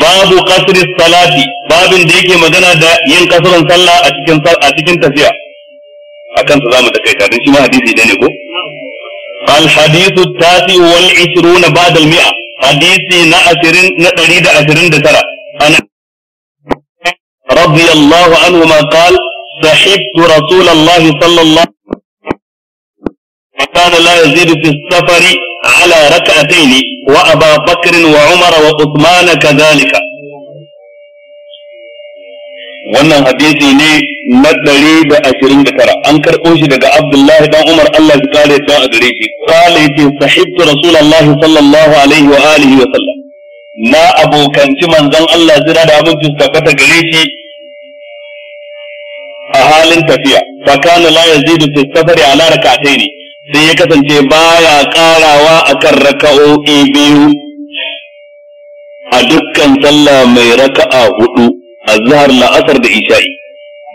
babu kasri salati babin da yake magana da yin kasran sallah a cikin a cikin tafiya akan sa zamu takaita dan shi ma hadisi ne ko al hadithu tasi wal 20 ba'd al mi'a hadisi na 20 na 129 ana رضي الله عنهما قال صحبت رسول الله وكان لا يزيد في السفر على ركعتين وأبا بكر وعمر وعثمان كذلك wannan hadisi ne na ɗari da ashirin da tara an karɓo shi daga abdullahi dan umar allah ya kare ta a gare shi kala yace sahibtu rasulullahi sallallahu alaihi wa alihi wa sallam na abokanci manzon allah zira da abinci ta gare shi a halin tafiya fa kana la yazidu fi safari ala rak'ataini sai ya kasance baya karawa akan raka'o'i biyu a dukkan sallah mai raka'a hudu azhar la'asar da isha'i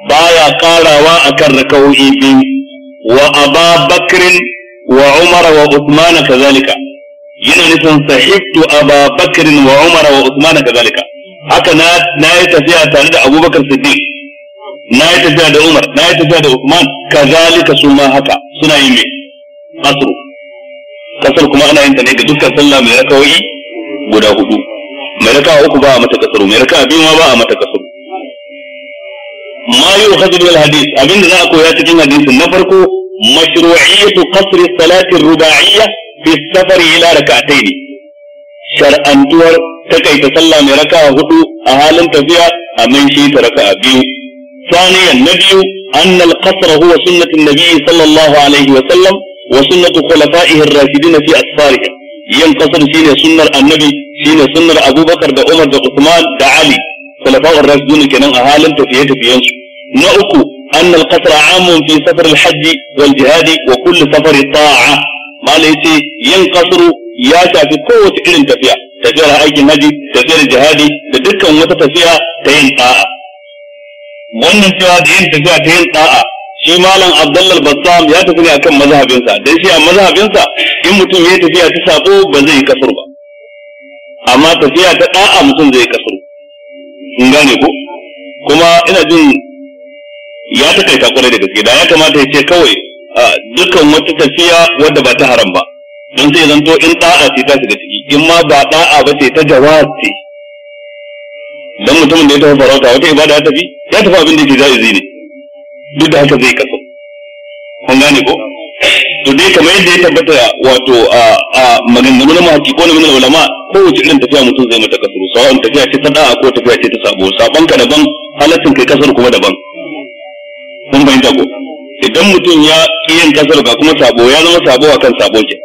baya karawa akan raka'o'i biyu wa aba bakrin wa umar wa usman kazalika yana nufin sahibtu aba bakrin wa umar wa usman kazalika haka na na yi tafiya tare da abubakar siddiq na yi tafiya da umar na yi tafiya da usman kazalika su ma haka suna yi mai qasr kasar kuma ana yin ta ne ga dukkan sallah mai rakawai guda hudu mai rakawa uku ba a mata kasar mai rakawa biyu ma ba a mata kasar ma yu'khadhu bil hadith abinda za a koya cikin hadisin na farko mashru'iyyatu qasr salati rubaiyya fi safar ila rak'atayn shar'antuwar takaita sallah mai rakawa hudu a halin tafiya a mai shi ta raka'a biyu ثانيا النبي أن القصر هو سنة النبي صلى الله عليه وسلم wa sunnatu khulafa'ihi ar-rashidin fi asfarihim yin kasar shine sunnar annabi shine sunnar abubakar da umar da usman da ali khulafa'ur rashidin kenan a halin tafiye tafiyen su na uku أن القصر عام في سفر الحج والجهاد وكل سفر طاعة ما ليس ينقصر ya shafi kowace irin tafiya tafiyar aikin haji tafiyar jihadi da dukkan wata tafiya ta yin da'a wannan cewa da yin tafiya ta yin da'a shi malam abdullal bassam ya tafi ne kan mazhabinsa dan shi a mazhabinsa in mutum ya tafiya ta sako ba zai kasar ba amma tafiya ta da'a mutum zai kasar in gane ko kuma ina jin ya ta kai takwarai da gaske da ya kamata ya ce kawai dukkan wata tafiya wadda ba ta haram ba don sai zanto in da'a ce ta shiga ciki in ma ba da'a ba ce ta jawabce, ce mutumin da ya tafi farauta wata ibada ya tafi ya tafi abin da ke jaizi ne duk da haka zai kaso kun gane ko to dai kamar yadda ya tabbata wato a maganganu na mahaki ko na minal ulama kowace irin tafiya mutum zai mata kasuru sawa'un tafiya ce ta da'a ko tafiya ce ta sabo sabon ka daban halattin kai kasar kuma daban kun fahimta ko idan mutum ya yin kasar ga kuma sabo ya zama sabo a kan sabo ke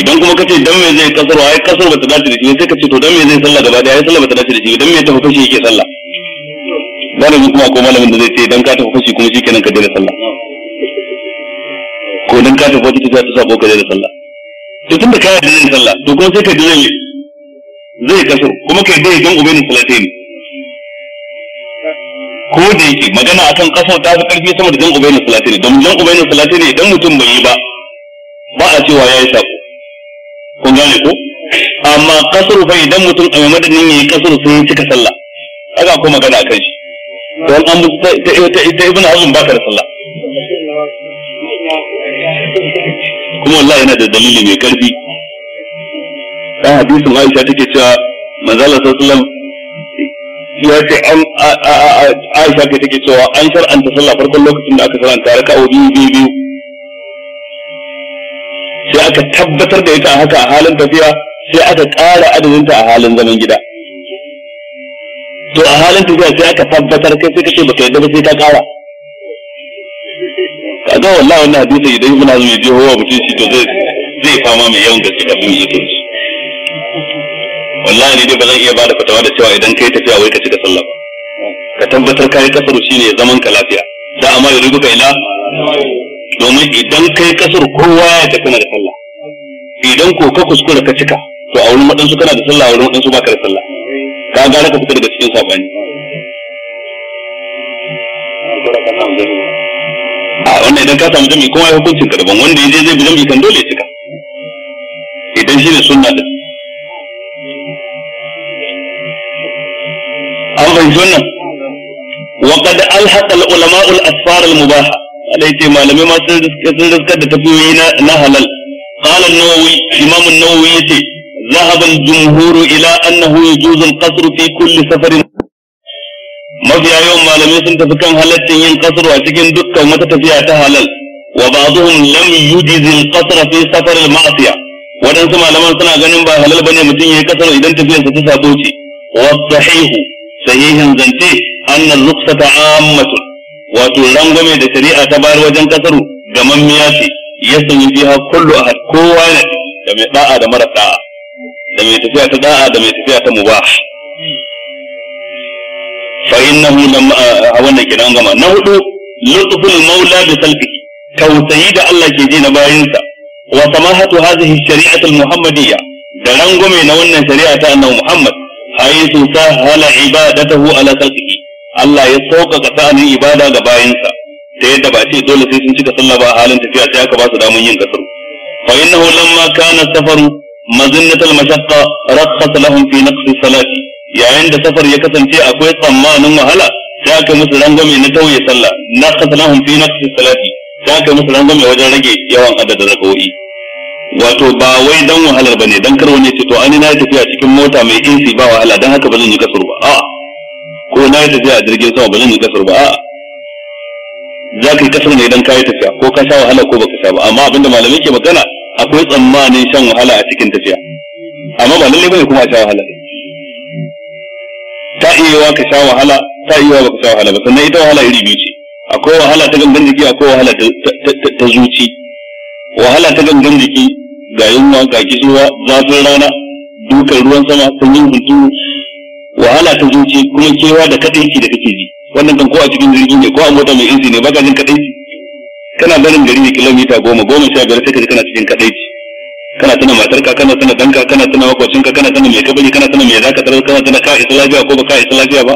idan kuma kace dan me zai kasar ai kasar bata dace da shi sai kace to dan me zai sallah gaba daya ai sallah bata dace da shi dan me ta shi yake sallah malami kuma ko malamin da zai ce dan ka tafi fashi kuma shikenan ka daina sallah ko dan ka tafi wata tafiya ta sabo ka daina sallah to tunda ka yarda daina sallah to kuma sai ka daina zai kaso kuma kai dai dan ubayin salatai ne ko da yake magana akan kaso ta fi karfi sama da dan ubayin salatai ne don dan ubayin salatai ne idan mutum bai yi ba ba a cewa yayi sako kun gane ko amma kasar fa idan mutum a madadin ne kasar sun cika sallah haka ko magana akan shi don an ta ta ibn azum baka da sallah kuma wallahi yana da dalili mai karfi kan hadisin Aisha take cewa manzo Allah sallallahu ya ce an Aisha ke take cewa an ta sallah farkon lokacin da aka shar'anta ka, biyu biyu biyu sai aka tabbatar da ita a haka a halin tafiya sai aka ƙara adadinta a halin zaman gida to a halin tafiya sai aka tabbatar kai sai kace baka yadda ba sai ka kara kaga wallahi wannan hadisi idan muna azumi je hawa mutum shi to zai zai fama mai yawan gaske kafin yi shi wallahi ne dai ba zan iya bada fatawa da cewa idan kai tafiya wai ka cika sallah ka tabbatar kai kasaru shine ya zaman ka lafiya da amma ya rubuta ila domin idan kai kasar kowa ya ta kana da sallah idan ko ka kuskura ka cika to a wurin waɗansu kana da sallah a wurin waɗansu baka da sallah ka gane ka fita daga cikin sabani a wannan idan ka samu jami'i kuma ya hukuncin ka daban wanda yaje zai bi jami'i kan dole ya cika idan shi ne sunna din an fahimci wannan وقد ألحق العلماء الأسفار المباحة عليك ما لم يما سنذكر تفوينا نهلا قال النووي إمام النووي يتي ذهب الجمهور إلى أنه يجوز القصر في كل سفر mafiya yawan malamai sun tafi kan halaccin yin kasar a cikin dukkan wata tafiya ta halal wa ba'dhum lam yujiz al-qasr fi safar al-ma'siyah wadansu malaman suna ganin ba halal bane mutum ya yi kasar idan tafiyar sa ta sabo ce wa sahihu sahihin zance anna al-rukhsata 'ammatun wato rangwame da shari'a ta bayar wajen kasaru gamammiya ce ya sanyi fiha kullu ahad kowa ne da mai da mara da mai tafiya ta da'a da mai tafiya ta mubah fa innahu lam a wannan gama na hudu lutful maula bi salfihi tausayi da Allah ke ji na bayinsa wa samahatu hadhihi shari'atu muhammadiyya da rangwame na wannan shari'a ta annabi Muhammad haythu sahala ibadatahu ala khalqihi Allah ya sauƙaƙa sa'anin ibada ga bayinsa ta yadda ba ce dole sai sun cika sallah ba halin tafiya sai aka ba su damun yin kasar fa innahu lamma kana safaru mazunnatul mashaqqa rakhasa lahum fi naqsi salati yayin da safar ya kasance akwai tsammanin wahala sai aka musu rangwame na tauye sallah naqasa lahum fi naqsi salati sai aka musu rangwame wajen rage yawan adadin rak'o'i wato ba wai dan wahalar bane dan kar wani ce to ani na tafiya cikin mota mai insi ba wahala dan haka ba zan yi kasur ba a'a ko na tafiya a jirgin sama ba zan yi kasur ba a'a za ka yi kasar ne idan ka yi tafiya ko ka sha wahala ko baka sha ba amma abinda malamai ke magana akwai tsammanin shan wahala a cikin tafiya amma ba lalle bane kuma a sha wahala ta iya yawa ka sha wahala ta iya yawa ka sha wahala ba sannan ita wahala iri biyu ce akwai wahala ta gangan jiki akwai wahala ta zuci wahala ta gangan jiki ga yunwa ga kisuwa zafin rana dukan ruwan sama sanyin hunturu wahala ta zuci kuma kewa da kadaici da kake ji wannan kan ko a cikin jirgin ne ko a mota mai inji ne baka jin kadaici kana barin gari ne kilomita goma goma sha biyar sai ka kana cikin kadaici kana tana matarka kana tana danka kana tana makwacinka kana tana mai kabari kana tana mai zaka tarar kana tana ka isa lafiya ko ba ka isa lafiya ba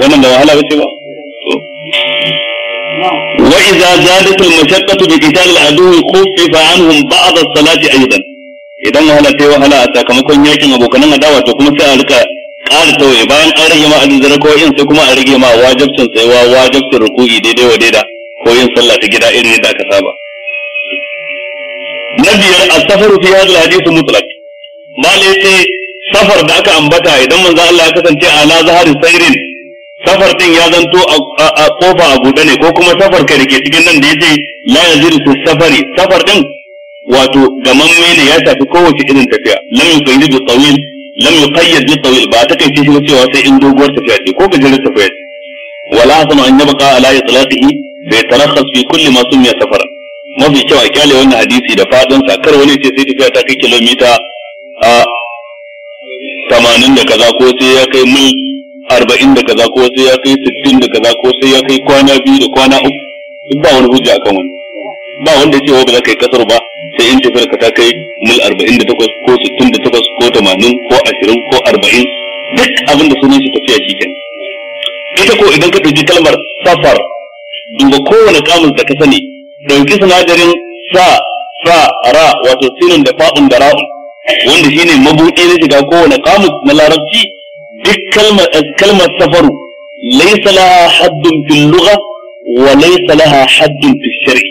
wannan da wahala bace ba to wa idza zadat al mashaqqatu bi qital al adu khuffifa anhum ba'd al salati aidan idan wahala tayi wahala a sakamakon yakin abokanan adawa to kuma sai a rika ƙara tawaye bayan an rage ma azizar ko in sai kuma a rage ma wajibcin tsayuwa wajibcin ruku'i daidai wa daidai ko yin sallah ta gida irin yadda aka saba na biyar as-safaru fi hadha al-hadith mutlaq malai ce safar da aka ambata idan manzo Allah ya kasance ala zahari sairin safar din ya zanto a kofa a buɗe ne ko kuma safar kai dake cikin nan da yace la yaziru fi safari safar din wato gamamme ne ya tafi kowace irin tafiya lam yuqayyid bi tawil lam yuqayyad bi tawil ba ta kai shi cewa sai in doguwar tafiya ce ko gajeren tafiya ce wala sama an yabqa ala itlaqihi bai tarakhas fi kulli ma sumiya safara mafi kyau a kyale wannan hadisi da fadin sa kar wani ce sai tafiya ta kai kilomita a tamanin da kaza ko sai ya kai mil arba'in da kaza ko sai ya kai sittin da kaza ko sai ya kai kwana biyu da kwana uku duk ba wani hujja akan wani ba wanda ce ba za ka yi kasar ba sai in tafiyar ka ta kai mil arba'in da takwas ko sittin da takwas ko tamanin ko ashirin ko arba'in duk abin da sunan shi tafiya shi kenan ita ko idan ka ɗauki kalmar safar duba kowane kamus da ka sani ɗauki sinadarin sa fa ra wato sinin da fa'un da ra'un wanda shine mabuɗi na shiga kowane kamus na larabci duk kalmar eh, kalmar safaru laysa laha haddun fil lugha wa laysa laha haddun fil shar'i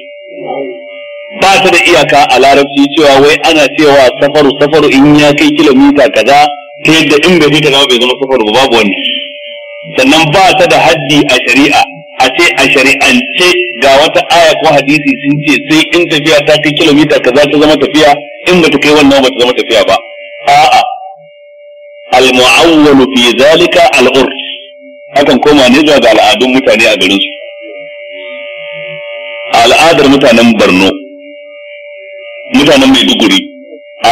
ba ta da iyaka a larabci cewa wai ana cewa safaru safaru in ya kai kilomita kaza ta yadda in bai kai kaza bai zama safaru ba babu wani, sannan ba ta da haddi a shari'a a ce a shari'ance ga wata aya ko hadisi sun ce sai in tafiya ta kai kilomita kaza ta zama tafiya in ba ta kai wannan ba ta zama tafiya ba a'a al-mu'awwalu fi zalika al-urf hakan koma ne zuwa ga al'adun mutane a garin su al'adar mutanen Borno mutanen Maiduguri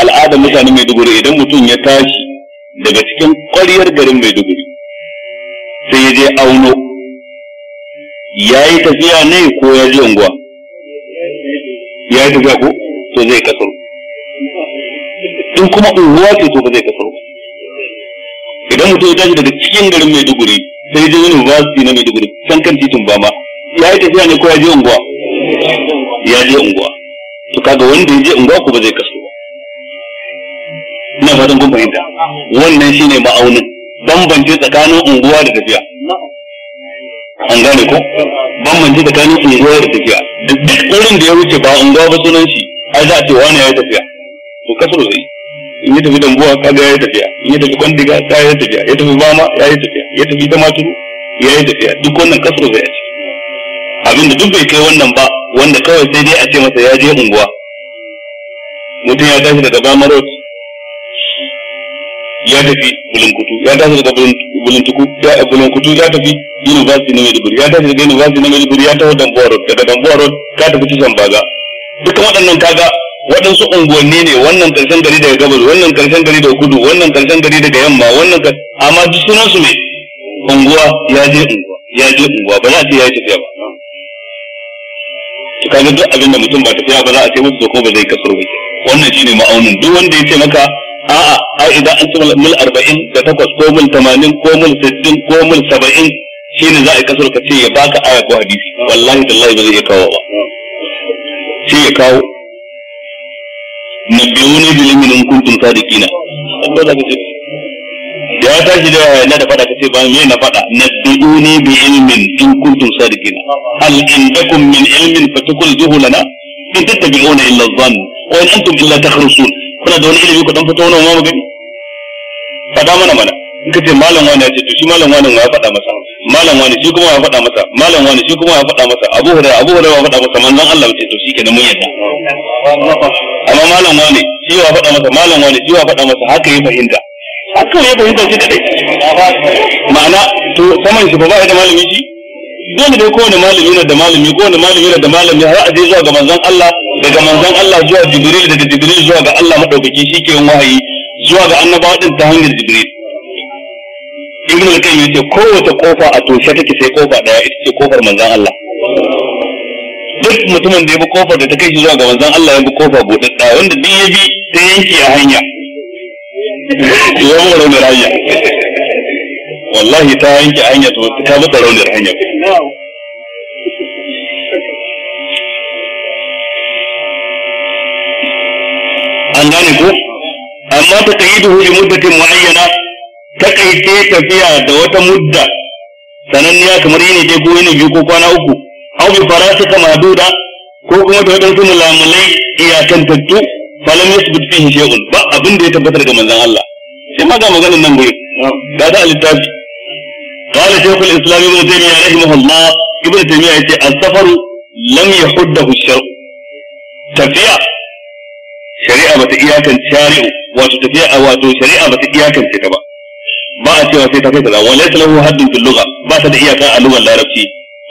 al'adar mutanen Maiduguri idan mutum ya tashi daga cikin ƙwaryar garin Maiduguri sai ya je auno ya yi tafiya ne ko ya je unguwa ya yi tafiya ko to zai kasaro in kuma unguwa ce to ba zai kasaro idan mutum ya tashi daga cikin garin Maiduguri sai je university na Maiduguri can kan titin ba ma ya yi tafiya ne ko ya je unguwa ya je unguwa to kaga wanda ya je unguwa ko ba zai kasaru ba ina fatan kun fahimta wannan shine ma'aunin bambance tsakanin unguwa da tafiya an gane ko bambanci tsakanin unguwa da tafiya duk wurin da ya wuce ba unguwa ba sunan shi ai za a ce wani ya yi tafiya to kasar zai in ya tafi dambuwa ga ya yi tafiya in ya tafi kwandiga ka ya yi tafiya ya tafi bama ya yi tafiya ya tafi maturu, ya yi tafiya duk wannan kasar zai a ciki Abinda duk bai kai wannan ba wanda kawai sai dai a ce masa ya je unguwa mutum ya tashi daga bama road ya tafi bulunkutu ya tafi daga bulunkutu ya bulunkutu ya tafi university na Maiduguri ya tafi daga university na Maiduguri ya taho dan Borod daga Dambuwa Borod ka tafi tushen baga duka waɗannan kaga waɗansu unguwanni ne wannan karshen gari daga gabas wannan karshen gari daga kudu wannan karshen gari daga yamma wannan amma duk sunan su ne unguwa ya je unguwa ya je unguwa ba za a ce ya yi tafiya ba to kaga duk abin da mutum ba tafiya ba za a ce musu ko ba zai kasar ba wannan shine ma'aunin duk wanda ya ce maka a'a ai idan an ci mil arba'in da takwas ko mil tamanin ko mil sittin ko mil saba'in shi ne za a yi kasar ka ce ya baka aya ko hadisi wallahi tallahi ba zai iya kawo ba sai ya kawo nabiyuni bil min kuntum sadiqina ko za ka ce da ya tashi da na da fada ka ce ba me na fada nabiyuni bi ilmin in kuntum sadiqina hal indakum min ilmin fatakul juhulana in tattabi'una illa dhann wa in antum illa takhrusun kuna da wani ilimi ku dan fito wannan ma mu gani fada mana mana in ka malam wani ya ce to shi malam wani ya fada masa malam wani shi kuma ya fada masa malam wani shi kuma ya fada masa abu hurairah abu hurairah ya fada masa manzon Allah ce to shikenan mun yadda amma malam wani shi ya fada masa malam wani shi ya fada masa haka yi fahimta haka yi fahimta shi kadai ma'ana to saman shi ba ba da malami shi dole dai kowane malami yana da malami kowane malami yana da malami har a je zuwa ga manzon Allah daga manzon Allah zuwa Jibril daga Jibril zuwa ga Allah madaukaki shi ke wahayi zuwa ga annaba din ta hanyar Jibril Ibn al-Qayyim yace kowace kofa a toshe take sai kofa daya ita ce kofar manzon Allah duk mutumin da ya bi kofar da ta kai shi zuwa ga manzon Allah ya bi kofa da wanda duk ya bi ta yanke a hanya ya mu raunar hanya wallahi ta yanke hanya to ta bi raunar hanya an gane ko amma ta yi qayyiduhu bi muddatin muayyana ta kaice tafiya da wata mudda sananniya kamar yini dai ko yini biyu ko kwana uku aw bi kama duda ko kuma da wadansu mulamulai tattu falam yasbut fihi shay'un ba abin da ya tabbatar ga manzon Allah sai ma ga maganar nan gure ga da littafi قال شيخ الاسلام ابن تيميه رحمه الله ابن تيميه يقول السفر لم يحده الشرع tafiya shari'a ta iyakan shari'u wato tafiya a wato shari'a ta iyakan ta ba ba a cewa sai ta kai kaza wala lahu haddin fil lugha ba ta da iyaka a lugar larabci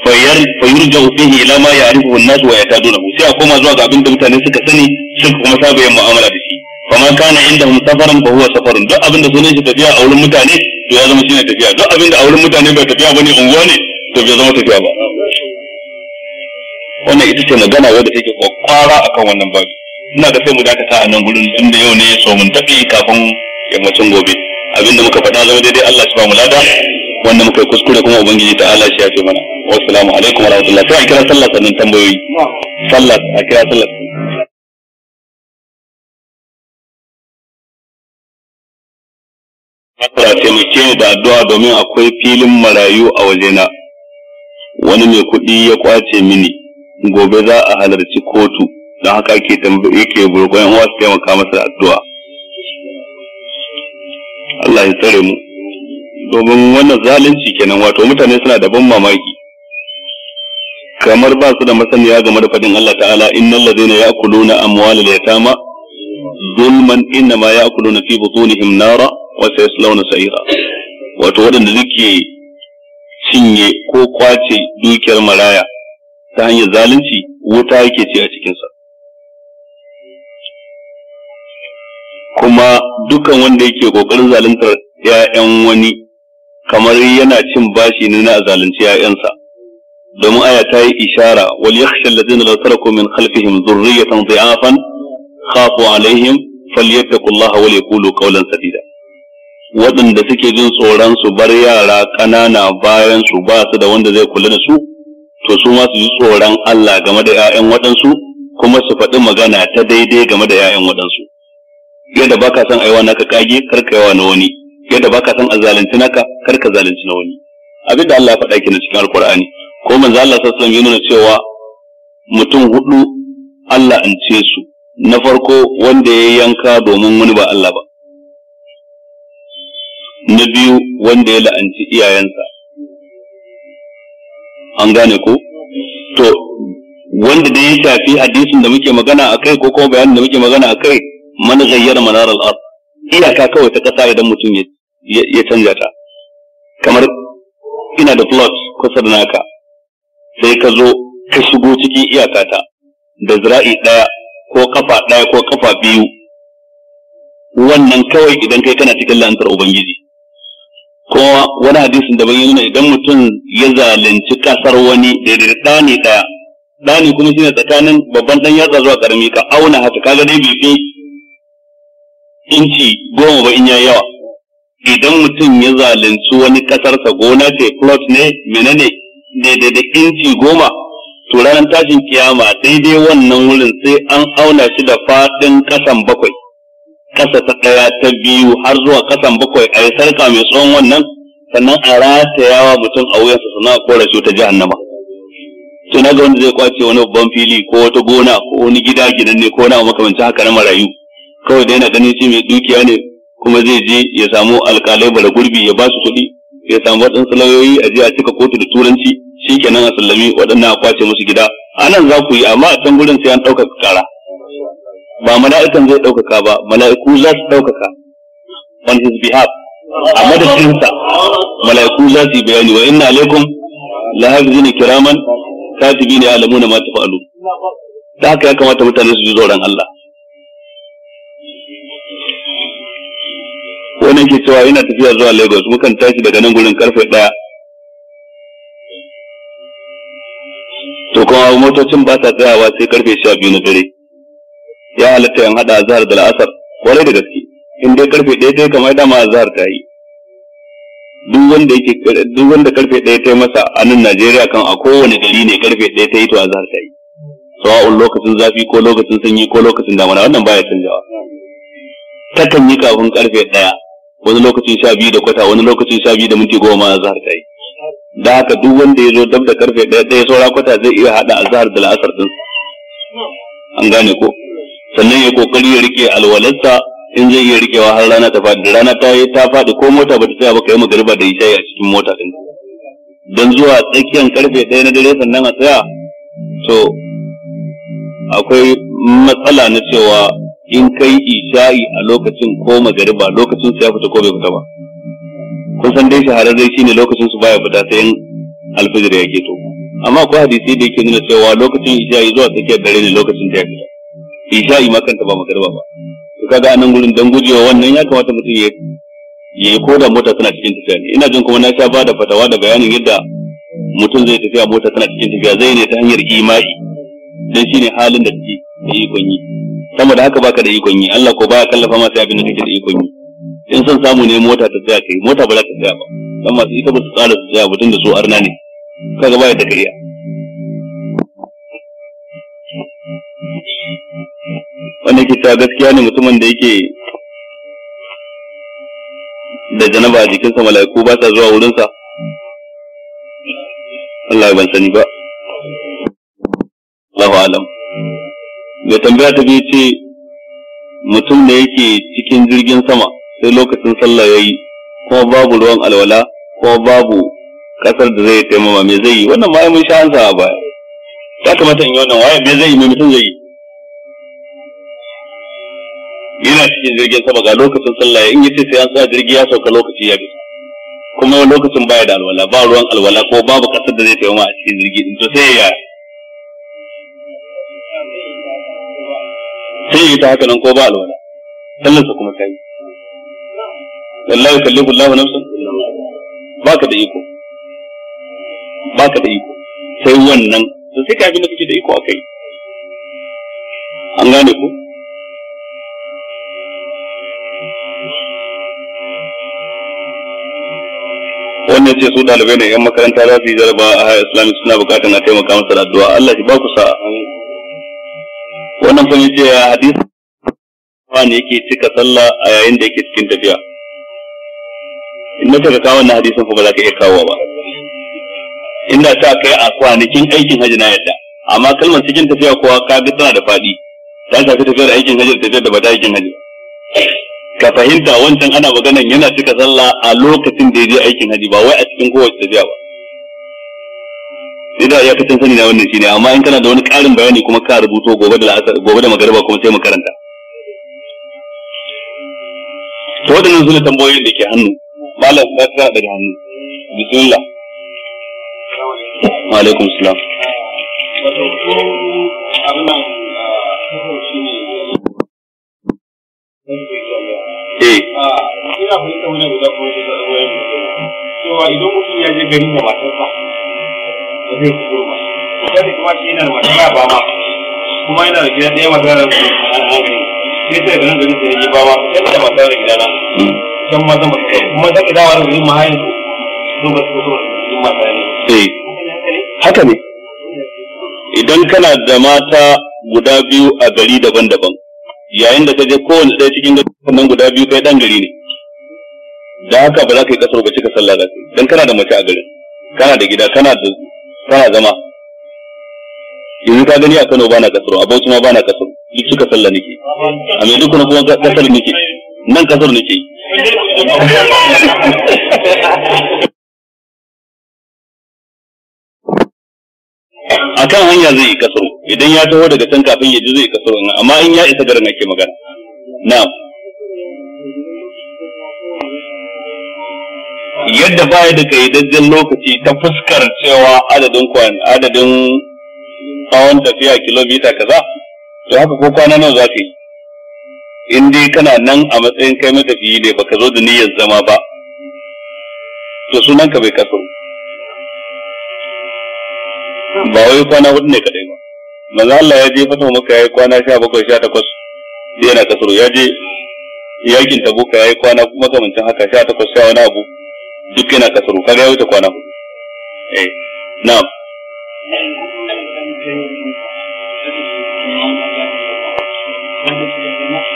fayar fayurja'u fihi ila ma ya'rifu an-nas wa yatadunahu sai a koma zuwa ga abin da mutane suka sani suka kuma saba yin mu'amala da shi man kana indahum safaran fa huwa safarun duk abin da sunan shi tafiya a wurin mutane to ya zama shine tafiya duk abin da a wurin mutane bai tafiya bane unguwa ne to bai zama tafiya ba wannan ita ce magana wadda take kwakwara akan wannan babu ina ga sai mu dakata a nan gurin inda yau ne so mun tafi kafin yammacin gobe abinda muka faɗa zama daidai Allah shi ba mu lada wanda muka yi kuskure kuma ubangiji ta Allah shi ya ce mana assalamu alaikum warahmatullahi sai a kira sallah sannan tambayoyi sallah a kira sallah Allah taimake ni da addu'a domin akwai filin marayu a wajena wani mai kuɗi ya kwace mini gobe za a halarci kotu don haka ake yake gurgun yan wasu taimaka masa addu'a Allah ya tsare mu domin wannan zalunci kenan wato mutane suna da ban mamaki kamar ba su da masaniya game da fadin Allah ta'ala innal ladina ya'kuluna amwalal yatama zulman ma ya'kuluna fi butunihim nara wa sayaslawna sa'ira wato waɗanda suke cinye ko kwace dukiyar maraya ta hanyar zalunci wuta yake ci a cikinsa kuma dukan wanda yake kokarin zaluntar ‘ya'yan wani kamar yana cin bashi ne na zalunci ‘ya'yansa domin aya ta yi ishara wal yakhsha alladhina law taraku min khalfihim dhurriyatan dha'afan khafu alaihim falyattaqullaha wa yaqulu qawlan sadida waɗanda suke jin tsoron su bar yara ƙanana bayan su ba su da wanda zai kula da su to su ma su ji tsoron Allah game da ‘ya'yan waɗansu kuma su faɗi magana ta daidai game da ‘ya'yan waɗansu yadda baka son aiwa naka kage kar ka yawa na wani yadda baka son a zalunci naka kar ka zalunci na wani abin da Allah ya faɗa kenan cikin alkur'ani ko manzo Allah sallallahu alaihi wasallam cewa mutum hudu Allah an ce su na farko wanda ya yanka domin wani ba Allah ba na biyu wanda ya la'anci iyayensa an gane ko to wanda dai ya shafi hadisin da muke magana a kai ko kuma bayanin da muke magana a kai man gayyara manar al-ard iyaka kawai ta kasa idan mutum ya canja ta kamar ina da plot kusa da naka sai ka zo ka shigo cikin iyaka ta da zira'i daya ko kafa daya ko kafa biyu wannan kawai idan kai kana cikin lantar ubangiji kuma wani hadisin da nuna idan mutum ya zalunci kasar wani daidai da ɗani ɗaya ɗani kuma shine tsakanin babban ɗan yatsa zuwa ƙarami ka auna haka kaga dai bai fi inci goma ba in yayi yawa idan mutum ya zalunci wani ƙasarsa gona ce plot ne menene daidai da inci goma to ranar tashin kiyama daidai wannan wurin sai an auna shi da faɗin ƙasan bakwai ƙasa ta ɗaya ta biyu har zuwa ƙasan bakwai a yi sarƙa mai tsawon wannan sannan a ratayawa mutum a wuyansa sannan a kora shi ta jahannama to na ga wanda zai kwace wani babban fili ko wata gona ko wani gida gidan ne ko na makamancin haka na marayu kawai da yana ganin shi mai dukiya ne kuma zai je ya samu alƙalai bara gurbi ya ba su kuɗi ya samu waɗansu lauyoyi a je a cika kotu da turanci shi kenan a sallami waɗannan a kwace musu gida a nan za ku yi amma a can gurin sai an ɗaukaka kara ba mala'ikan zai ɗaukaka ba mala'iku za su ɗaukaka on his behalf a madadinsa mala'iku za su yi bayani wa inna alaikum la hafizina kiraman katibi ne alamuna ma tafa'alu da haka ya kamata mutane su ji zauren Allah wani ke cewa ina tafiya zuwa Lagos mukan tashi daga nan gurin karfe ɗaya. To kuma motocin ba ta tsayawa sai karfe sha biyu na dare. Ya halatta yan haɗa zahar da la'asar kwarai da gaske. In dai karfe ɗaya yi kamar dama zahar ta yi. Duk wanda yake duk wanda karfe ɗaya ta yi masa a nan Najeriya kan a kowane gari ne karfe ɗaya ta yi to zahar ta yi. Sawa'un lokacin zafi ko lokacin sanyi ko lokacin damana wannan baya canjawa. Takan yi kafin karfe ɗaya wani lokaci sha biyu da kwata wani lokaci sha biyu da minti goma azhar ta yi da haka duk wanda ya zo dab da karfe ɗaya ɗaya saura kwata zai iya haɗa azhar da la'asar din an gane ko sannan ya kokari ya rike alwalarsa in zai iya rikewa har rana ta faɗi rana ta yi ta faɗi ko mota ba ta tsaya ba kai magariba da isha a cikin mota din dan zuwa tsakiyar karfe ɗaya na dare sannan a tsaya to akwai matsala na cewa in kai isha'i a lokacin ko magariba lokacin su ya fita ko bai fita ba kun san dai shahararre shine lokacin su baya fita sai alfijir ya ke to amma akwai hadisi da yake nuna cewa lokacin isha'i zuwa tsakiyar dare ne lokacin ta ya fita isha'i ma kanta ba magariba ba to kaga anan gurin dan gujewa wannan ya kamata mutum ya yi ko da mota tana cikin tafiya ne ina jin kuma na sha ba da fatawa da bayanin yadda mutum zai tafiya mota tana cikin tafiya zai ne ta hanyar imai dan shine halin da take da ikon yi saboda da haka baka da ikon yi Allah ko baya kallafa ma sai abin da kake da ikon yi in son samu ne mota ta tsaya kai mota ba za ta tsaya ba dan masu ita ba su tsara su tsaya mutum da su arna ne kaga baya ta kariya wanda ke cewa gaskiya ne mutumin da yake da janaba a jikinsa mala'iku ba sa zuwa wurinsa Allah ban sani ba Allahu alam mai tambaya ta biyu ce mutum da yake cikin jirgin sama sai lokacin sallah ya yi, kuma babu ruwan alwala kuma babu kasar da zai taimama me zai yi wannan ma mun sha ansa ba ya kamata in yi wannan waye me zai yi me mutum zai yi yana cikin jirgin sama ga lokacin sallah ya in yace sai an tsaya jirgi ya sauka lokaci ya bi kuma lokacin baya da alwala ba ruwan alwala ko babu kasar da zai taimama a cikin jirgi to sai ya yi ta haka nan ko ba alwala sallarsa kuma ka yi wallahi kallifu Allah nafsan ba ka da iko ba ka da iko sai wannan to sai ka ji da kake da iko a kai an gane ko wannan ce su dalibai ne yan makaranta za su yi jaraba a islamic suna bukatan a taimaka masa da addu'a Allah shi ba ku sa'a wannan kuma yace hadisi ne yake cika sallah a yayin da yake cikin tafiya in na taka kawo wannan hadisin kuma za ka iya kawo ba ina sa kai a kwanakin aikin hajji na yadda amma kalmar cikin tafiya kuwa ka bi tana da faɗi ta shafi tafiyar aikin hajji da tafiyar da ba ta aikin hajji ka fahimta wancan ana maganan yana cika sallah a lokacin da ya je aikin hajji ba wai a cikin kowace tafiya ba ina ya kacin sani na wannan shine amma in kana da wani ƙarin bayani kuma ka rubuto gobe da gobe da magariba kuma sai mu karanta to wadannan sune tambayoyin da ke hannu malam ka tsaya daga hannu bismillah wa alaikum salam Eh. ina fahimta wani da kuma shi da ruwan mutum. Cewa idan mutum ya je gari da matarsa, ba zai fito ba misali kuma shi yana da mata ya ba ma kuma yana da gida ɗaya mata da gari sai ta garin gari sai ya ba ma sai ta mata da gida na can ma zama kuma sake dawa da gari ma hayan su ba su fito da gari mata ne eh. haka ne idan kana da mata guda biyu a gari daban-daban yayin da ka je kowane ɗaya cikin nan guda biyu kai ɗan gari ne da haka ba za ka yi ƙasar ba cika sallah za ka yi don kana da mace a garin kana da gida kana da tana zama yanzu ka gani a Kano bana kasar a Bauchi ma bana kasar duk suka sallah nake a mai dukkan kuma kasar nake nan kasar nake a kan hanya zai yi kasaro idan ya taho daga can kafin ya ji zai kasaro amma in ya isa garin ake magana na'am yadda baya da kaidajjen lokaci ta fuskar cewa adadin kwan adadin tsawon tafiya kilomita kaza to haka ko kwana nawa za ka yi in dai kana nan a matsayin kai matafiyi ne baka zo da niyyar zama ba to sunan ka bai kasuru ba wai kwana hudu ne kadai ba manzo Allah ya je fata maka yayi kwana 17 18 yana kasuru ya je yakin tabuka yayi kwana kamancin haka 18 sai wani abu duk yana kasaru kaga ya wuce kwana hudu eh na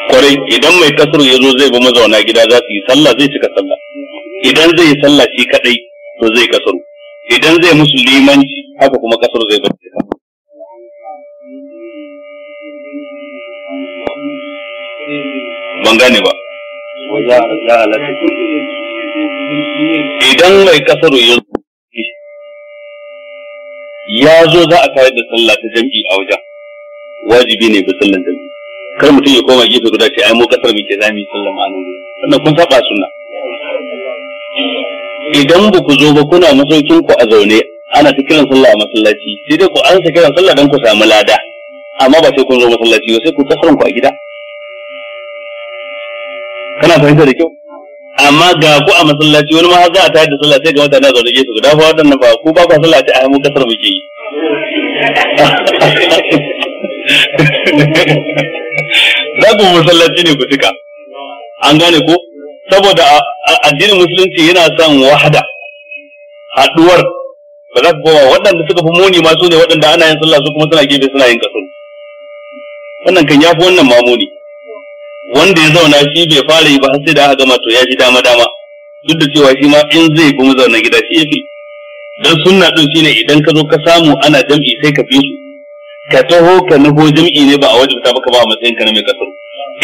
kwarai idan mai kasar ya zo zai bi mazauna gida za su yi sallah zai cika sallah idan zai yi sallah shi kadai to zai kasaru idan zai musu limanci haka kuma kasar zai bar cika ban gane ba idan mai kasar ya ya zo za a kayar da sallah ta jam'i a wajen wajibi ne ba sallan jam'i kar mutum ya koma gefe guda ce ai mu kasar muke za mu yi sallah ma nan sannan kun saba suna idan ba ku zo ba kuna masaukin ku a zaune ana ta kiran sallah a masallaci sai dai ku ansa kiran sallah dan ku samu lada amma ba sai kun zo masallaci ba sai ku kasar ku a gida kana fahimta da kyau amma ga ku a masallaci wani ma za a tayar da sallah sai ga mutane a zaune gefe guda fa waɗannan ba ku ba ku sallah ta ahamu kasar muke yi za ku masallaci ne ku cika an gane ko saboda addinin musulunci yana son wahada haɗuwar ba za ku koma waɗanda suka fi muni ma su ne waɗanda ana yin sallah su kuma suna gefe suna yin kaso wannan kan ya fi wannan mamuni wanda ya zauna shi bai fara yi ba har sai da aka gama to ya ji dama dama duk da cewa shi ma in zai kuma zauna gida shi yafi dan sunna din shine idan ka zo ka samu ana jam'i sai ka fi su ka taho ka nufo jam'i ne ba a wajen ta baka ba a matsayin ka na mai kasar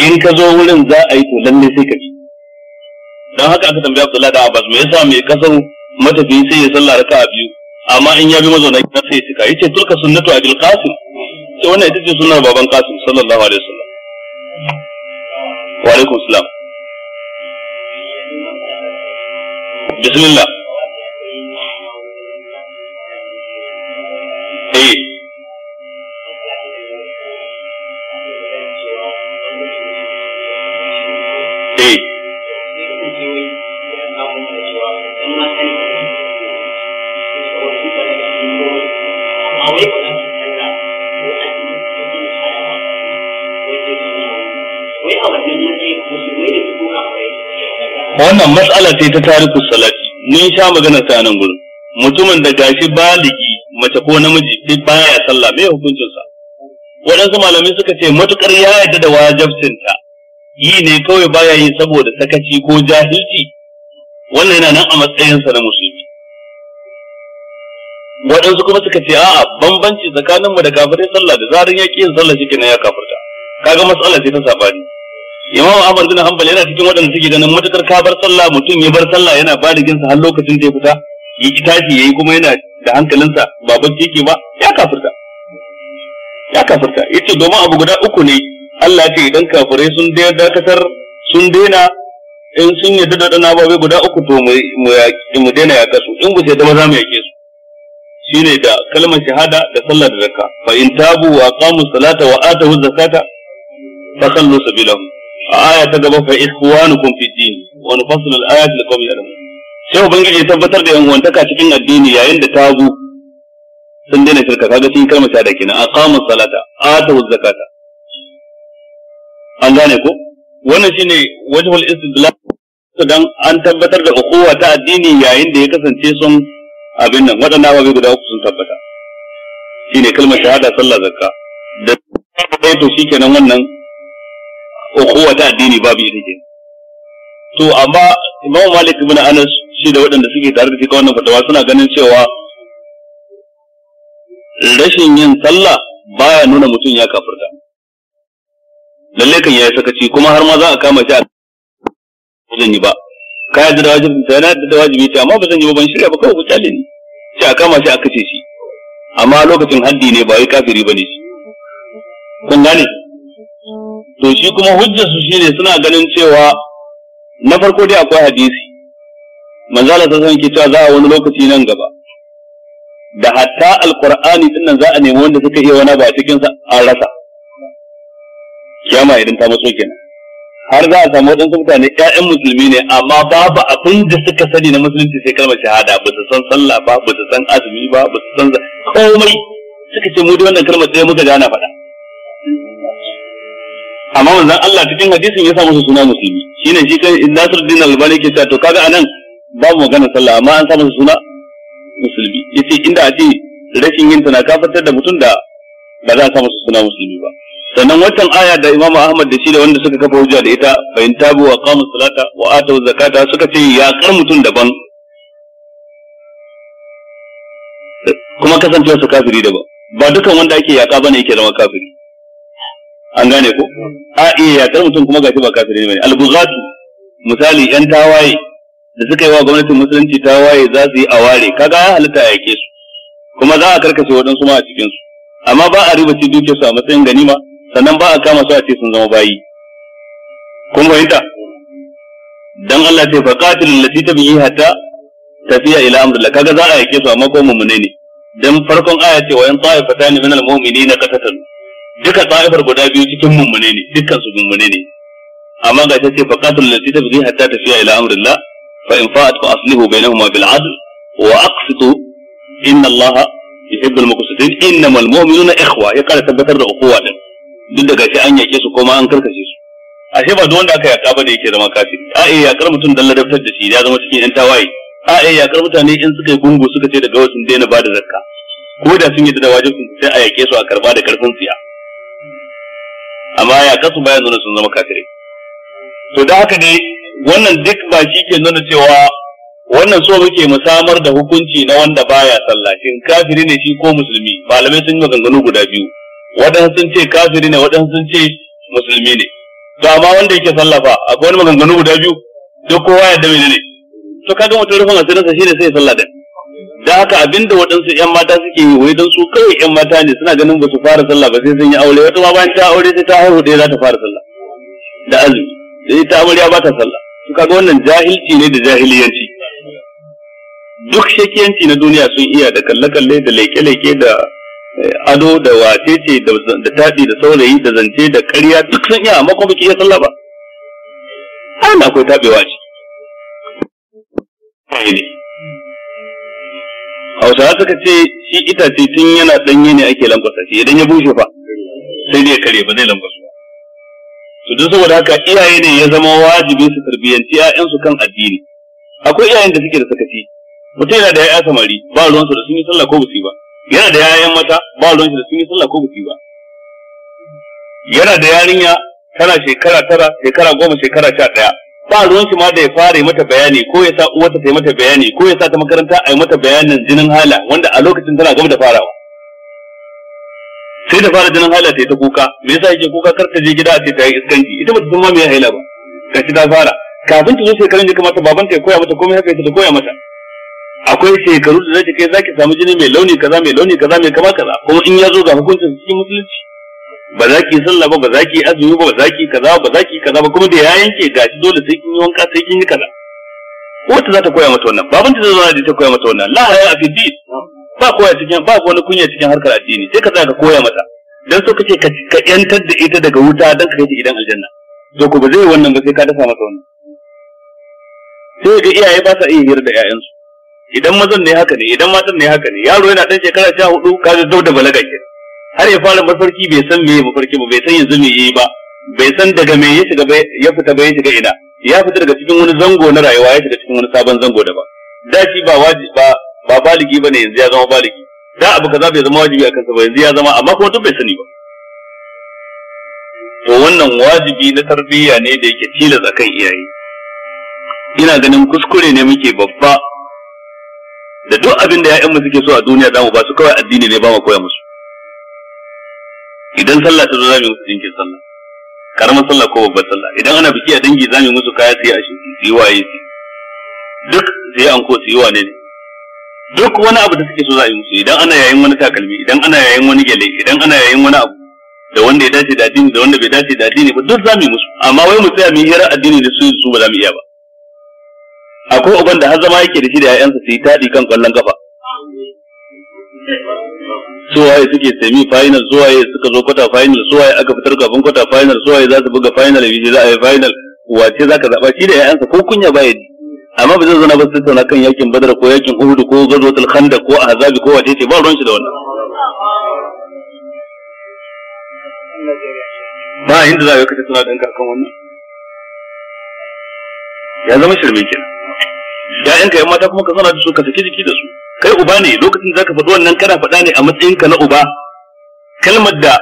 in ka zo wurin za a yi to lalle sai ka bi dan haka aka tambaya Abdullahi da Abbas me yasa mai kasar matafi sai ya ka a biyu amma in ya bi mazauna gida sai ya cika yace turka sunnatu abil qasim to wannan ita ce sunnar baban qasim sallallahu alaihi wasallam wa alaikum salam bismillah wannan matsala ce ta tariku salati mun sha magana ta nan gurin mutumin da gashi baligi mace ko namiji sai baya sallah me hukuncin sa waɗansu malamai suka ce matukar ya yarda da ta yi ne kawai baya yi saboda sakaci ko jahilci wannan yana nan a matsayinsa na musulmi waɗansu kuma suka ce a'a bambanci tsakaninmu da kafirin sallah da zarin ya ƙi yin sallah shi ya kafirta kaga matsala ce ta sabani imam ahmad bin hanbal yana cikin waɗanda suke ganin matukar ka bar sallah mutum ya bar sallah yana ba ginsa har lokacin da ya fita ya ki tashi yayi kuma yana da hankalinsa ba bacci yake ba ya kafirta ya kafirta yace domin abu guda uku ne Allah ce idan kafirai sun da dakatar sun daina in sun yadda da dana babai guda uku to mu mu daina ya kasu. in ba sai da za mu yake su shine da kalmar shahada da sallah da zakka fa in tabu wa qamu salata wa atu zakata fa sallu sabilahum aya ta gaba fa ikhwanukum fi din wa nufassilu al-ayat liqawmin ya'lamun sai ubangiji ya tabbatar da yan uwantaka cikin addini yayin da tagu sun daina shirka kaga sun kalmar shahada kenan aqamu salata atu zakata an gane ko wannan shine wajhul istidlal dan an tabbatar da ukuwa ta addini yayin da ya kasance sun abin nan waɗannan ababe guda uku sun tabbata shine kalmar shahada sallah zakka da to shikenan wannan kowa ta addini babu ita ke to amma imam malik ibn anas shi da waɗanda suke tare da cikin wannan fatawa suna ganin cewa rashin yin sallah baya nuna mutum ya kafirta lalle kan yayi sakaci kuma har ma za a kama shi a zan yi ba ka yadda da wajibi ta na yadda da wajibi ta amma ba zan yi ba ban shirya ba kawai misali ne sai a kama shi a kace shi amma lokacin haddi ne ba wai kafiri bane shi kun gane to shi kuma hujjar su ne suna ganin cewa na farko dai akwai hadisi manzala ta san ke cewa za a wani lokaci nan gaba da hatta alkur'ani din nan za a nemi wanda suka iya wani ba cikin sa an rasa kiyama idan ta matso kenan har za a samu waɗansu mutane ƴaƴan musulmi ne amma babu abin da suka sani na musulunci sai kalmar shahada ba su san sallah ba ba su san azumi ba ba su san komai suka ce mu dai wannan kalmar sai muka ji ana faɗa amma manzon Allah cikin hadisin ya sa musu suna musulmi shi ne shi kan Nasiruddin Albani ke cewa to kaga anan babu magana sallah amma an sa musu suna musulmi yace inda a ce rashin yin tana kafatar da mutum da ba za a sa musu suna musulmi ba sannan wancan aya da Imam Ahmad da shi da wanda suka kafa hujja da ita bayin tabu wa qamu salata wa atu zakata suka ce ya kar mutum daban kuma kasancewa su kafiri daban ba dukan wanda ake yaka bane yake zama kafiri an gane ko a iya eh, yakar mutum kuma gashi ba kafiri ne al-bughatu misali yan tawaye da suka yi wa gwamnatin musulunci tawaye za su yi aware kaga ya halitta a yake su kuma za a karkace waɗansu ma a cikin su amma ba a riba dukiyar su a matsayin ganima sannan ba a kama su a ce sun zama bayi kun fahimta dan Allah ce faqatil allati tabi'i hatta tafiya ila amrillah kaga za a yake su amma ko mummune ne dan farkon aya ce wa yan ta'ifatan min al-mu'minina qatatalu duka ta'ifar guda biyu cikin mummune ne dukkan su mummune ne amma ga ta ce fa qatul lati tabghi hatta tafiya ila amrillah fa in fa'at fa aslihu bainahuma bil adl wa aqsitu inna allaha yuhibbu al muqsitin innama al mu'minuna ikhwa ya kara tabbatar da ukuwa din duk da gashi an yake su kuma an karkashe su ashe ba duk wanda aka yaka ba da yake zama kafiri a iya eh, yakar mutum dan ladabtar da shi ya zama cikin yan tawaye a iya eh, yakar mutane in suka yi gungu suka ce daga wasu daina ba da zakka ko da sun yi da wajibin sai a yake su a karba da karfin tsiya amma ya kasu bayan nuna sun zama kafirai to da haka ne wannan duk ba shi ke nuna cewa wannan so muke mu samar da hukunci na wanda baya sallah shin kafiri ne shi ko musulmi malamai sun yi maganganu guda biyu waɗansu sun ce kafiri ne waɗansu sun ce musulmi ne to amma wanda yake sallah fa akwai wani maganganu guda biyu duk kowa ya da ne to kaga mutum rufin asirinsa shine sai sallah din da haka abinda waɗansu ƴan mata suke yi wai don su kawai ƴan mata ne suna ganin ba su fara sallah ba sai sun yi aure wata ma bayan ta aure sai ta haihu ɗaya za ta fara sallah da azumi sai ta amarya ba ta sallah su kaga wannan jahilci ne da jahiliyanci duk shakiyanci na duniya sun iya da kalle-kalle da leke-leke da eh, ado da wacece da taɗi da saurayi da zance da ƙarya duk sun iya amma kuma baki iya sallah ba ai na akwai taɓewa ce. hausawa suka ce shi itace tun yana ɗanye ne ake lankwasa shi idan ya bushe fa sai dai ya kare ba zai ba to duk saboda haka iyaye ne ya zama wajibi su tarbiyyanci ƴaƴansu kan addini akwai iyayen da suke da sakaci mutum yana da ƴaƴa samari ba ruwansu da sun yi sallah ko ba ba yana da ƴaƴan mata ba ruwansu da sun yi sallah ko ba ba yana da yarinya tana shekara tara shekara goma shekara sha ɗaya ba ruwan shi ma da ya fara mata bayani ko ya sa uwarta ta yi mata bayani ko ya sa ta makaranta a yi mata bayanin jinin hala wanda a lokacin tana gama da farawa sai da fara jinin hala ta yi ta kuka me yasa yake kuka kar ta je gida a ce ta yi iskanci ita ba ta san ma me ya haila ba shi ta fara kafin ta zo shekarun da kamata baban ta ya koya mata komai haka ita ta koya mata akwai shekaru da zaki kai zaki samu jini mai launi kaza mai launi kaza mai kama kaza kuma in ya zo ga hukuncin cikin musulunci ba za ki sallah ba ba za ki azumi ba ba za ki kaza ba za ki kaza ba kuma da ya yanke gashi dole sai kin yi wanka sai kin yi kaza wata za ta koya mata wannan baban ta zai da ta koya mata wannan la haya fi din ba koya cikin ba wani kunya cikin harkar addini sai ka za ka koya mata dan so kace ka yantar da ita daga wuta dan ka kai ta gidan aljanna to ko ba zai wannan ba sai ka dafa mata wannan sai ga iyaye ba sa iya hira da ƴaƴansu idan mazan ne haka ne idan matan ne haka ne yaro yana dan shekara 14 ka zo da balaga kenan har ya fara mafarki bai san me mafarki ba bai san yanzu me yi ba bai san daga me ya shiga ya fita ba ya shiga ina ya fita daga cikin wani zango na rayuwa ya shiga cikin wani sabon zango da ba da shi ba wajibi ba ba baligi bane yanzu ya zama baligi da abu kaza bai zama wajibi a kansa ba yanzu ya zama amma kuma duk bai sani ba to wannan wajibi na tarbiyya ne da yake tilas akan iyaye ina ganin kuskure ne muke babba da duk abin da 'ya'yanmu suke so a duniya za mu ba su kawai addini ne ba mu koya musu idan sallah ta zo za mu musu dinkin sallah karamar sallah ko babbar sallah idan ana biki a dangi za mu musu kaya sai a shi su yi waye su duk sai an ko su yi wane ne duk wani abu da suke so za a yi musu idan ana yayin wani takalmi idan ana yayin wani gele idan ana yayin wani abu da wanda ya dace da addini da wanda bai dace da addini ba duk za mu yi musu amma wai mu tsaya mu yi hira addini da su su ba za mu iya ba akwai uban da har zama yake da shi da 'ya'yansa su yi taɗi kan kwallon kafa suwaye suke semi final suwaye suka zo kwata final suwaye aka fitar gaban kwata final suwaye za su buga final yi za a yi final wace za ka zaɓa shi da yayansa ko kunya ya ji amma ba zai zana ba su tattauna kan yakin badar ko yakin uhud ko gazo khandaq ko ahzabi ko wace ce ba ruwan shi da wannan ba inda za a ka tattauna ɗan kan wannan ya zama shirme kenan ya'yanka yan mata kuma ka zana da su ka saki jiki da su kai uba ne lokacin da zaka faɗi wannan kana faɗa ne a matsayinka na uba kalmar da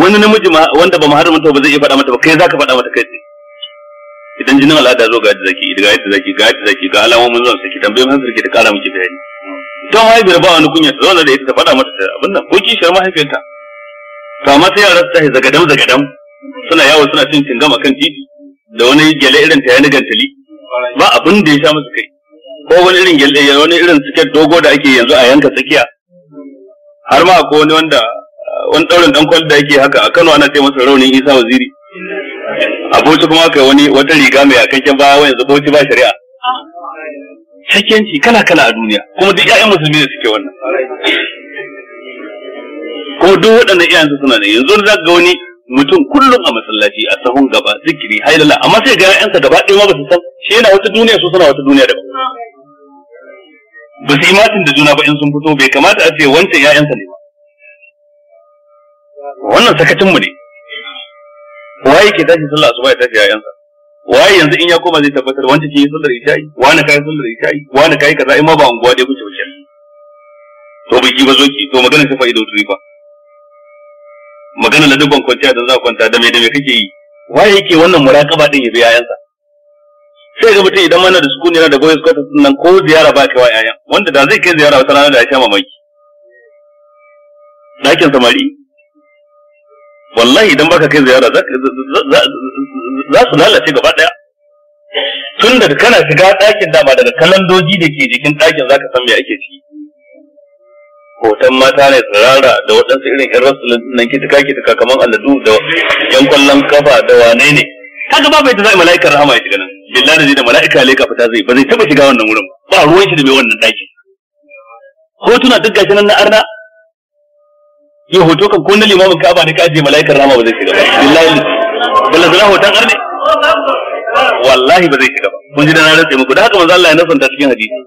wani namiji wanda ba mu ta ba zai iya faɗa mata ba kai zaka faɗa mata kai idan jinin al'ada zo ga zaki ga yadda zaki ga yadda zaki ga alamomin zuwa saki tambaye mun sarki ta kara miki bayani don mahaifiyar ba wani kunya ta zauna da ita ta faɗa mata abin nan ko kishiyar mahaifiyarta to amma sai yara su tashi zagadam zagadam suna yawo suna cin cingama kan titi da wani gyale irin ta ya gantali. ba abin da ya sha musu kai ko wani irin gyalle wani irin siket dogo da ake yanzu a yanka tsakiya har ma ko wani wanda uh, wani ɗaurin ɗan kwal da yake haka a Kano ana ce masa raunin Isa Waziri a Bauchi kuma aka wani wata riga mai akakken baya yanzu Bauchi ba shari'a sakenci kala kala a duniya kuma duk ƴaƴan musulmi ne suke wannan ko duk waɗannan iyayensu suna ne yanzu za ga wani mutum kullum a masallaci a sahun gaba zikiri hailala amma sai ga ƴaƴansa gaba ɗaya ma ba su san shi yana wata duniya su suna wata duniya daban ba su imatin da juna ba in sun fito bai kamata a ce wancan ƴaƴansa ne ba. wannan sakacin mu ne waye ke tashi sallah asuba ya tashi ƴaƴansa waye yanzu in ya koma zai tabbatar wancan ke yi sallar isha'i wani kai sallar isha'i wani kai kaza in ma ba unguwa dai kuce wuce to biki ba zo ki to magana ta fa'ida wuturi ba magana na dubban kwanciya da za kwanta da me da me kake yi waye yake wannan muraqaba din yabi yayansa sai ga mutum idan mana da sukuni yana da goyon kwata nan ko ziyara ba kai wa yayan wanda da zai kai ziyara wata rana da ya sha mamaki ɗakin samari wallahi idan baka kai ziyara za su lalace gaba ɗaya tun daga kana shiga ɗakin dama daga kalandoji da ke jikin ɗakin za ka san me ake ciki hoton mata ne tsirara da waɗansu irin yan rasulun nan kitika kitika kamar aladu da yan kwallon kafa da wane ne kaga ba bai ta zai mala'ikar rahama ya shiga nan billahi da mala'ika leka fita zai ba zai taba shiga wannan wurin ba ruwan shi da bai wannan daki hotuna duk gashi nan na arna ya hoto kan ko na limamin ka'aba ne ka ajiye mala'ikar rahama ba zai shiga ba billahi balazana hoton arne wallahi ba zai shiga ba kun ji da na rantsa muku da haka manzo Allah ya nasanta cikin hadisi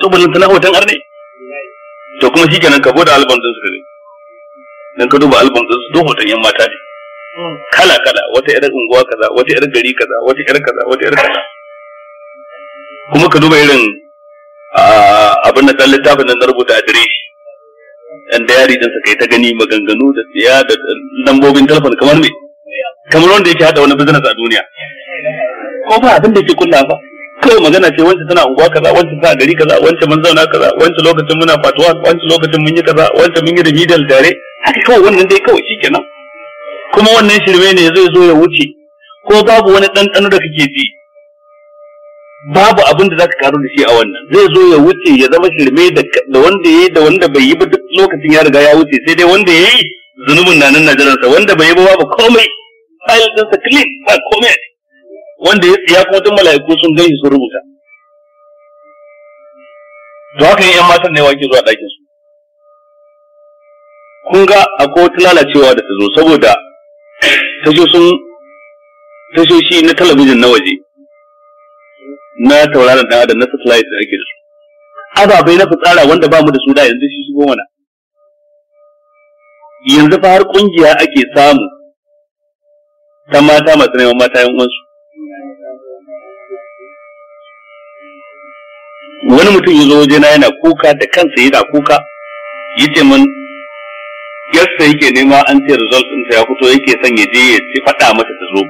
to tana hoton arne to kuma shi kenan ka bude album din su gani dan ka duba album din su duk hoton yan mata ne hmm. kala kala wata irin unguwa kaza wata irin gari kaza wata irin kaza wata irin kaza kuma ka duba irin abin da kan littafin da na rubuta adireshi dan dayari din sa kai ta gani maganganu da siya da lambobin telefon kamar me kamar wanda yake hada wani business a duniya ko ba abin da yake kulla ba kawai magana ce wancan tana unguwa kaza wancan tana gari kaza wancan mun zauna kaza wancan lokacin muna fatuwa wancan lokacin mun yi kaza wancan mun yi da tare haka kawai wannan dai kawai shikenan kuma wannan shirme ne zai zo ya wuce ko babu wani ɗanɗano da kake ji babu abin da zaka karu da shi a wannan zai zo ya wuce ya zama shirme da wanda yayi da wanda bai yi ba duk lokacin ya riga ya wuce sai dai wanda yayi zunubin na nan najaransa wanda bai yi ba babu komai file ɗinsa clean ba komai wanda ya kuma tun mala'iku sun gani sun rubuta to haka yan matan ne wake zuwa ɗakin su kun ga akwai wata lalacewa da ta zo saboda tashoshin tashoshi na talabijin na waje na tauraron da adam na satellite da ake da su ababai na fitsara wanda ba mu da su da yanzu shi shigo mana yanzu fa har kungiya ake samu ta mata masu neman mata yan uwansu wani mutum ya zo waje na yana kuka da kansa yana kuka ce min yassa yake nema an ce result ɗinsa ya fito yake son ya je ya ci faɗa mata ta zo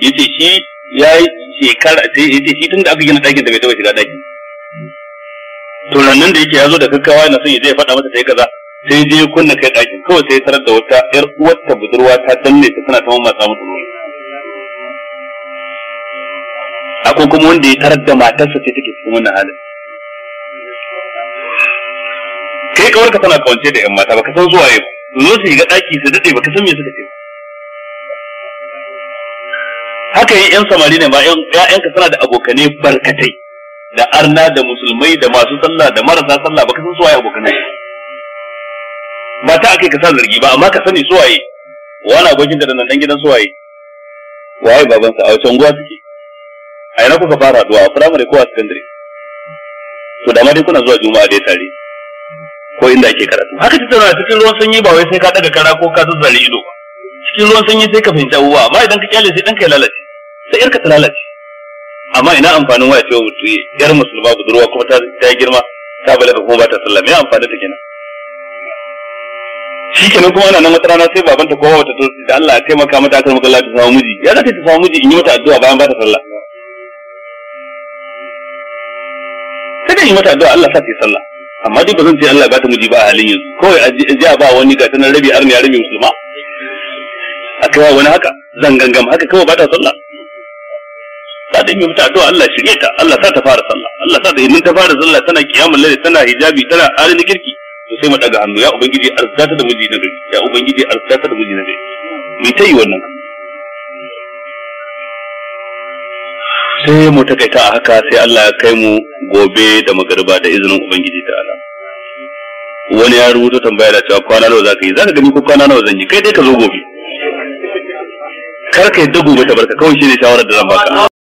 ya ce shi ya yi shekara ce shi tun da aka gina ɗakin da bai taɓa shiga ɗaki to nan da yake ya zo da kakkawa yana son ya je ya faɗa mata ta yi kaza sai je kunna kai ɗakin kawai sai tarar da wata ƴar uwarta budurwa ta danne ta tana ta mamatsa mutu nuna akwai kuma wanda ya tarar da matarsa ce take cikin wannan halin kawarka tana kwance da yan mata baka san zuwa yau zo su shiga ɗaki su dade baka san me suka ce haka yi yan samari ne ma ka suna da abokanai barkatai da arna da musulmai da masu sallah da marasa sallah baka san suwaye abokanai ba ta akai ka sa zargi ba amma ka sani suwaye wani abokin da nan gidan suwaye waye babansa a wacan unguwa suke a ina kuka fara haduwa a firamare ko a sakandare to da ma dai kuna zuwa juma'a dai tare ko inda ake karatu haka ta tana cikin ruwan sanyi ba wai sai ka daga kara ko ka zazzare ido ba cikin ruwan sanyi sai ka fahimci abubuwa amma idan ka kyale sai dan ka lalace sai yarka ta lalace amma ina amfanin waya cewa mutum yar musulma budurwa kuma ta ta girma ta balaga kuma ba ta sallah me amfani ta kenan shi kenan kuma ana nan wata rana sai babanta kowa wata to da Allah ya taimaka mata akan maka Allah ta samu miji ya zata ta samu miji in yi mata addu'a bayan ba ta sallah sai da yi mata addu'a Allah sa ta yi sallah amma duk ba zan ce Allah gata muji ba a halin yanzu kawai a ji a ba wani ga nan rabi arniya rabi musulma a kawai wani haka zan gangam haka kawai ba ta sallah ta da yi mutu Allah shirye ta Allah sa ta fara sallah Allah sa ta yi ta fara sallah tana kiyamun lail tana hijabi tana na kirki to sai mu daga hannu ya ubangiji arzata da muji na gari ya ubangiji arzata da muji na gari mu ta yi wannan sai mu takaita a haka sai Allah ya kai mu gobe da magariba da izinin ubangiji ta ta'ala wani ya rubuta tambaya da cewa kwana nawa za ka yi za ka gani ko kwana nawa zan yi kai dai ka zo gobe kar ka yadda gobe ta barka kawai shi ne shawarar da zan baka